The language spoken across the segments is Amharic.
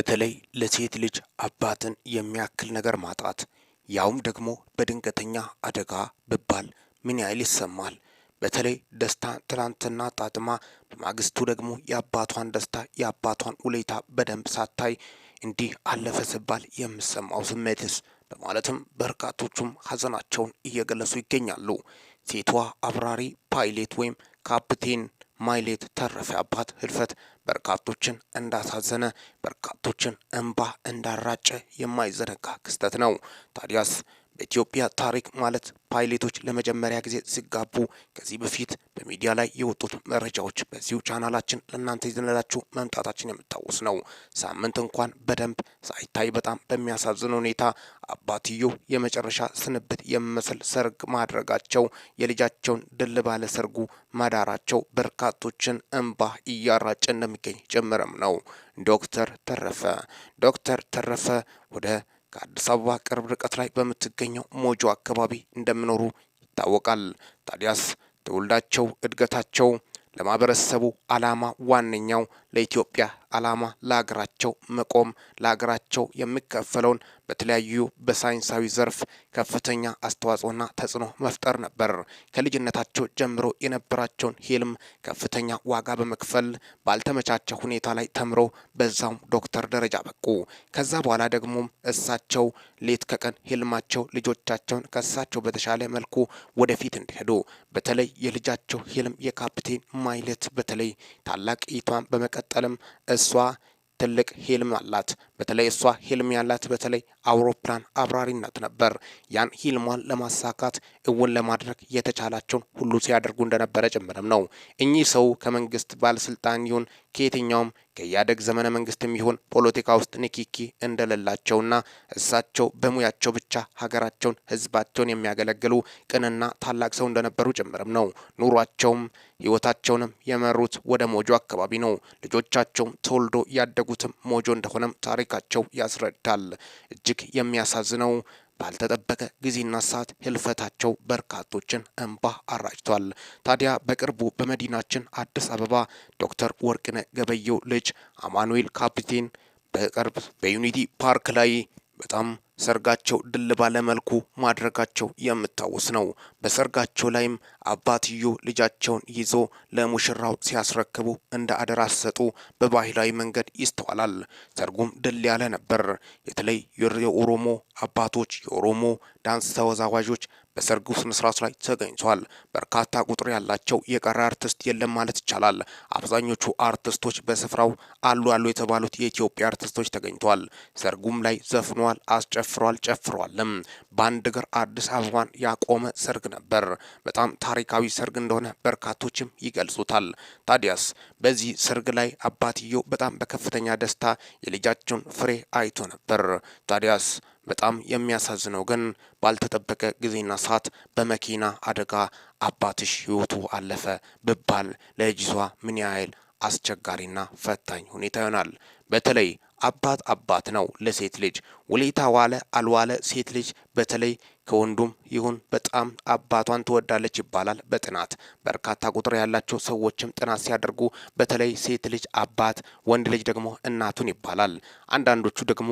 በተለይ ለሴት ልጅ አባትን የሚያክል ነገር ማጣት ያውም ደግሞ በድንገተኛ አደጋ ብባል ምን ያህል ይሰማል? በተለይ ደስታ ትናንትና ጣጥማ በማግስቱ ደግሞ የአባቷን ደስታ የአባቷን ውለታ በደንብ ሳታይ እንዲህ አለፈ ስባል የምሰማው ስሜትስ በማለትም በርካቶቹም ሀዘናቸውን እየገለጹ ይገኛሉ። ሴቷ አብራሪ ፓይሌት ወይም ካፕቴን ማይሌት ተረፈ አባት ህልፈት በርካቶችን እንዳሳዘነ በርካቶችን እንባ እንዳራጨ የማይዘነጋ ክስተት ነው። ታዲያስ በኢትዮጵያ ታሪክ ማለት ፓይሌቶች ለመጀመሪያ ጊዜ ሲጋቡ ከዚህ በፊት በሚዲያ ላይ የወጡት መረጃዎች በዚሁ ቻናላችን ለእናንተ ይዘንላችሁ መምጣታችን የምታወስ ነው። ሳምንት እንኳን በደንብ ሳይታይ በጣም በሚያሳዝን ሁኔታ አባትየው የመጨረሻ ስንብት የሚመስል ሰርግ ማድረጋቸው፣ የልጃቸውን ድል ባለ ሰርጉ ማዳራቸው በርካቶችን እንባ እያራጨ እንደሚገኝ ጭምርም ነው። ዶክተር ተረፈ ዶክተር ተረፈ ወደ ከአዲስ አበባ ቅርብ ርቀት ላይ በምትገኘው ሞጆ አካባቢ እንደሚኖሩ ይታወቃል። ታዲያስ ትውልዳቸው እድገታቸው ለማህበረሰቡ አላማ ዋነኛው ለኢትዮጵያ ዓላማ ለሀገራቸው መቆም ለሀገራቸው የሚከፈለውን በተለያዩ በሳይንሳዊ ዘርፍ ከፍተኛ አስተዋጽኦና ተጽዕኖ መፍጠር ነበር። ከልጅነታቸው ጀምሮ የነበራቸውን ህልም ከፍተኛ ዋጋ በመክፈል ባልተመቻቸ ሁኔታ ላይ ተምረው በዛም ዶክተር ደረጃ በቁ። ከዛ በኋላ ደግሞ እሳቸው ሌት ከቀን ህልማቸው ልጆቻቸውን ከእሳቸው በተሻለ መልኩ ወደፊት እንዲሄዱ በተለይ የልጃቸው ህልም የካፕቴን ማይለት በተለይ ታላቅ ይቷን በመቀጠልም እሷ ትልቅ ሂልም አላት። በተለይ እሷ ህልም ያላት በተለይ አውሮፕላን አብራሪነት ነበር። ያን ህልሟን ለማሳካት እውን ለማድረግ የተቻላቸውን ሁሉ ሲያደርጉ እንደነበረ ጭምርም ነው። እኚህ ሰው ከመንግስት ባለስልጣን ይሁን ከየትኛውም ከያደግ ዘመነ መንግስት የሚሆን ፖለቲካ ውስጥ ንኪኪ እንደሌላቸውና እሳቸው በሙያቸው ብቻ ሀገራቸውን፣ ህዝባቸውን የሚያገለግሉ ቅንና ታላቅ ሰው እንደነበሩ ጭምርም ነው። ኑሯቸውም ህይወታቸውንም የመሩት ወደ ሞጆ አካባቢ ነው። ልጆቻቸውም ተወልዶ ያደጉትም ሞጆ እንደሆነም ታሪክ ታሪካቸው ያስረዳል። እጅግ የሚያሳዝነው ባልተጠበቀ ጊዜና ሰዓት ህልፈታቸው በርካቶችን እንባ አራጭቷል። ታዲያ በቅርቡ በመዲናችን አዲስ አበባ ዶክተር ወርቅነህ ገበየሁ ልጅ አማኑኤል ካፒቴን በቅርብ በዩኒቲ ፓርክ ላይ በጣም ሰርጋቸው ድል ባለ መልኩ ማድረጋቸው የምታወስ ነው። በሰርጋቸው ላይም አባትዮ ልጃቸውን ይዞ ለሙሽራው ሲያስረክቡ እንደ አደራ ሲሰጡ በባህላዊ መንገድ ይስተዋላል። ሰርጉም ድል ያለ ነበር። የተለይ የኦሮሞ አባቶች፣ የኦሮሞ ዳንስ ተወዛዋዦች በሰርጉ ስነስርዓት ላይ ተገኝቷል። በርካታ ቁጥር ያላቸው የቀረ አርቲስት የለም ማለት ይቻላል። አብዛኞቹ አርቲስቶች በስፍራው አሉ አሉ የተባሉት የኢትዮጵያ አርቲስቶች ተገኝቷል። ሰርጉም ላይ ዘፍኗል፣ አስጨፍሯል፣ ጨፍሯልም። በአንድ እግር አዲስ አበባን ያቆመ ሰርግ ነበር። በጣም ታሪካዊ ሰርግ እንደሆነ በርካቶችም ይገልጹታል። ታዲያስ በዚህ ሰርግ ላይ አባትየው በጣም በከፍተኛ ደስታ የልጃቸውን ፍሬ አይቶ ነበር። ታዲያስ በጣም የሚያሳዝነው ግን ባልተጠበቀ ጊዜና ሰዓት በመኪና አደጋ አባትሽ ህይወቱ አለፈ ብባል ለልጅ ምን ያህል አስቸጋሪና ፈታኝ ሁኔታ ይሆናል። በተለይ አባት አባት ነው ለሴት ልጅ ውለታ ዋለ አልዋለ ሴት ልጅ በተለይ ከወንዱም ይሁን በጣም አባቷን ትወዳለች ይባላል በጥናት በርካታ ቁጥር ያላቸው ሰዎችም ጥናት ሲያደርጉ በተለይ ሴት ልጅ አባት፣ ወንድ ልጅ ደግሞ እናቱን ይባላል። አንዳንዶቹ ደግሞ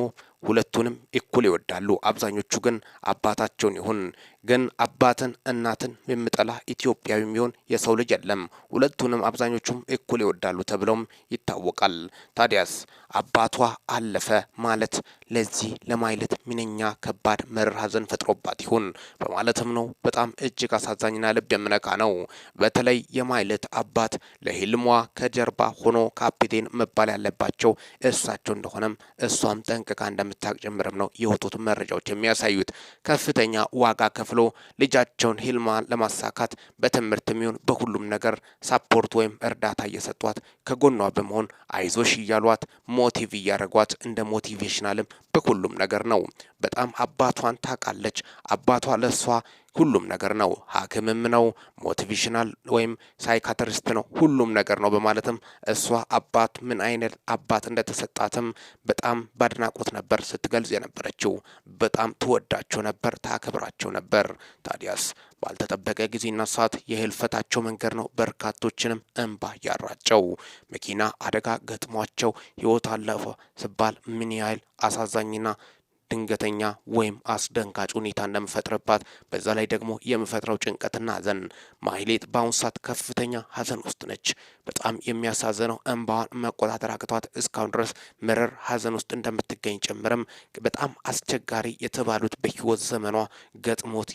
ሁለቱንም እኩል ይወዳሉ። አብዛኞቹ ግን አባታቸውን ይሁን ግን አባትን እናትን የምጠላ ኢትዮጵያዊ የሚሆን የሰው ልጅ የለም። ሁለቱንም አብዛኞቹም እኩል ይወዳሉ ተብለውም ይታወቃል። ታዲያስ አባቷ አለፈ ማለት ለዚህ ለማይለት ምንኛ ከባድ መራር ሐዘን ፈጥሮባት ይሁን በማለትም ነው። በጣም እጅግ አሳዛኝና ልብ የምነካ ነው። በተለይ የማይለት አባት ለህልሟ ከጀርባ ሆኖ ካፒቴን መባል ያለባቸው እሳቸው እንደሆነም እሷም ጠንቅቃ እንደ እንደምታቅ ጭምርም ነው የወጡት መረጃዎች የሚያሳዩት። ከፍተኛ ዋጋ ከፍሎ ልጃቸውን ሂልማ ለማሳካት በትምህርት የሚሆን በሁሉም ነገር ሳፖርት ወይም እርዳታ እየሰጧት ከጎኗ በመሆን አይዞሽ እያሏት ሞቲቭ እያደረጓት እንደ ሞቲቬሽናልም በሁሉም ነገር ነው። በጣም አባቷን ታውቃለች። አባቷ ለእሷ ሁሉም ነገር ነው። ሐኪምም ነው፣ ሞቲቬሽናል ወይም ሳይካትሪስት ነው፣ ሁሉም ነገር ነው በማለትም እሷ አባት ምን አይነት አባት እንደተሰጣትም በጣም በአድናቆት ነበር ስትገልጽ የነበረችው። በጣም ትወዳቸው ነበር፣ ታከብራቸው ነበር። ታዲያስ ባልተጠበቀ ጊዜና ሰዓት የህልፈታቸው መንገድ ነው በርካቶችንም እንባ ያራጨው። መኪና አደጋ ገጥሟቸው ህይወት አለፈ ሲባል ምን ያህል አሳዛኝና ድንገተኛ ወይም አስደንጋጭ ሁኔታ እንደምፈጥርባት በዛ ላይ ደግሞ የምፈጥረው ጭንቀትና ሐዘን። ማህሌት በአሁኑ ሰዓት ከፍተኛ ሐዘን ውስጥ ነች። በጣም የሚያሳዝነው እንባዋን መቆጣጠር አቅቷት እስካሁን ድረስ ምርር ሐዘን ውስጥ እንደምትገኝ ጭምርም በጣም አስቸጋሪ የተባሉት በህይወት ዘመኗ ገጥሞት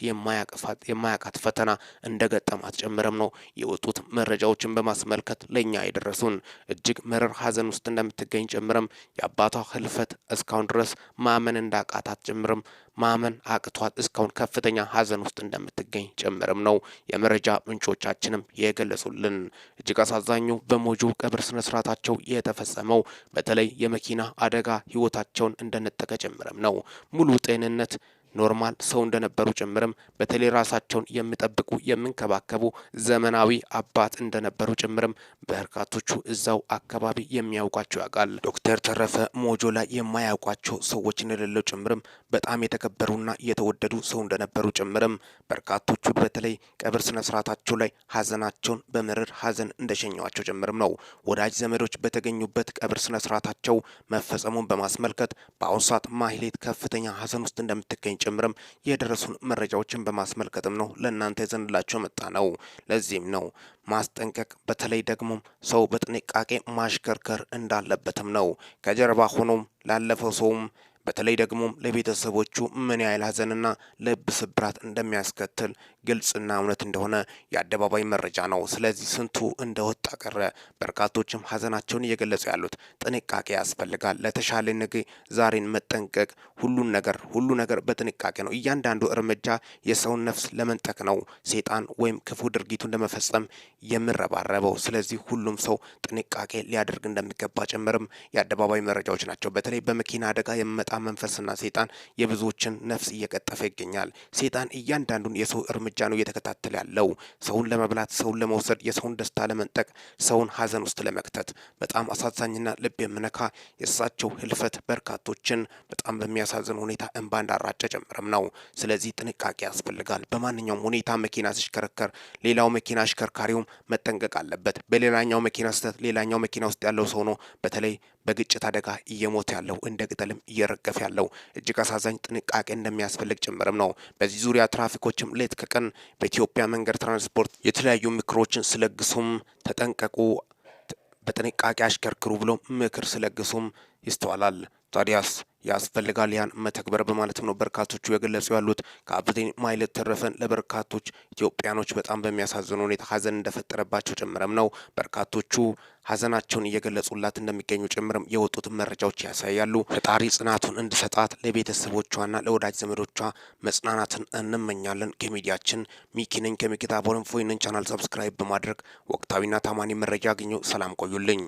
የማያቃት ፈተና እንደገጠማት ጭምርም ነው የወጡት መረጃዎችን በማስመልከት ለእኛ የደረሱን። እጅግ ምርር ሐዘን ውስጥ እንደምትገኝ ጭምርም የአባቷ ህልፈት እስካሁን ድረስ ማመን እንዳ እንዳቃታት ጭምርም ማመን አቅቷት እስካሁን ከፍተኛ ሀዘን ውስጥ እንደምትገኝ ጭምርም ነው የመረጃ ምንጮቻችንም የገለጹልን። እጅግ አሳዛኙ በሞጆ ቀብር ስነስርዓታቸው የተፈጸመው በተለይ የመኪና አደጋ ህይወታቸውን እንደነጠቀ ጭምርም ነው ሙሉ ጤንነት ኖርማል ሰው እንደነበሩ ጭምርም በተለይ ራሳቸውን የሚጠብቁ የሚንከባከቡ ዘመናዊ አባት እንደነበሩ ጭምርም በርካቶቹ እዛው አካባቢ የሚያውቋቸው ያውቃል። ዶክተር ተረፈ ሞጆ ላይ የማያውቋቸው ሰዎች እንደሌለው ጭምርም በጣም የተከበሩና የተወደዱ ሰው እንደነበሩ ጭምርም በርካቶቹ በተለይ ቀብር ስነ ስርዓታቸው ላይ ሀዘናቸውን በምርር ሀዘን እንደሸኘዋቸው ጭምርም ነው። ወዳጅ ዘመዶች በተገኙበት ቀብር ስነ ስርዓታቸው መፈጸሙን በማስመልከት በአሁኑ ሰዓት ማህሌት ከፍተኛ ሀዘን ውስጥ እንደምትገኝ ጭምርም የደረሱን መረጃዎችን በማስመልከትም ነው ለእናንተ የዘንላቸው መጣ ነው። ለዚህም ነው ማስጠንቀቅ፣ በተለይ ደግሞ ሰው በጥንቃቄ ማሽከርከር እንዳለበትም ነው ከጀርባ ሆኖም ላለፈው ሰውም በተለይ ደግሞ ለቤተሰቦቹ ምን ያህል ሀዘንና ልብ ስብራት እንደሚያስከትል ግልጽና እውነት እንደሆነ የአደባባይ መረጃ ነው። ስለዚህ ስንቱ እንደወጣ ቀረ። በርካቶችም ሀዘናቸውን እየገለጹ ያሉት ጥንቃቄ ያስፈልጋል። ለተሻለ ነገ ዛሬን መጠንቀቅ ሁሉን ነገር ሁሉ ነገር በጥንቃቄ ነው። እያንዳንዱ እርምጃ የሰውን ነፍስ ለመንጠቅ ነው፣ ሴጣን ወይም ክፉ ድርጊቱን ለመፈጸም የምረባረበው። ስለዚህ ሁሉም ሰው ጥንቃቄ ሊያደርግ እንደሚገባ ጭምርም የአደባባይ መረጃዎች ናቸው። በተለይ በመኪና አደጋ የመጣ መንፈስና ሴጣን የብዙዎችን ነፍስ እየቀጠፈ ይገኛል። ሴጣን እያንዳንዱን የሰው እርምጃ ነው እየተከታተለ ያለው። ሰውን ለመብላት፣ ሰውን ለመውሰድ፣ የሰውን ደስታ ለመንጠቅ፣ ሰውን ሀዘን ውስጥ ለመክተት። በጣም አሳዛኝና ልብ የምነካ የእሳቸው ህልፈት በርካቶችን በጣም በሚያሳዝን ሁኔታ እንባ እንዳራጨ ጨምርም ነው። ስለዚህ ጥንቃቄ ያስፈልጋል። በማንኛውም ሁኔታ መኪና ሲሽከረከር ሌላው መኪና አሽከርካሪውም መጠንቀቅ አለበት። በሌላኛው መኪና ስህተት ሌላኛው መኪና ውስጥ ያለው ሰው ነው በተለይ በግጭት አደጋ እየሞተ ያለው እንደ ቅጠልም እየረገ እየተደገፈ ያለው እጅግ አሳዛኝ ጥንቃቄ እንደሚያስፈልግ ጭምርም ነው። በዚህ ዙሪያ ትራፊኮችም ሌት ከቀን በኢትዮጵያ መንገድ ትራንስፖርት የተለያዩ ምክሮችን ስለግሱም ተጠንቀቁ፣ በጥንቃቄ አሽከርክሩ ብሎ ምክር ስለግሱም ይስተዋላል። ታዲያስ ያስፈልጋል ያን መተግበር በማለትም ነው በርካቶቹ የገለጹ ያሉት። ካፕቴን ማይለት ተረፈን ለበርካቶች ኢትዮጵያኖች በጣም በሚያሳዝን ሁኔታ ሀዘን እንደፈጠረባቸው ጭምርም ነው በርካቶቹ ሀዘናቸውን እየገለጹላት እንደሚገኙ ጭምርም የወጡት መረጃዎች ያሳያሉ። ፈጣሪ ጽናቱን እንዲሰጣት ለቤተሰቦቿና ለወዳጅ ዘመዶቿ መጽናናትን እንመኛለን። ከሚዲያችን ሚኪ ነኝ ከሚኪታ ቦረንፎይንን ቻናል ሰብስክራይብ በማድረግ ወቅታዊና ታማኒ መረጃ አግኘው። ሰላም ቆዩልኝ።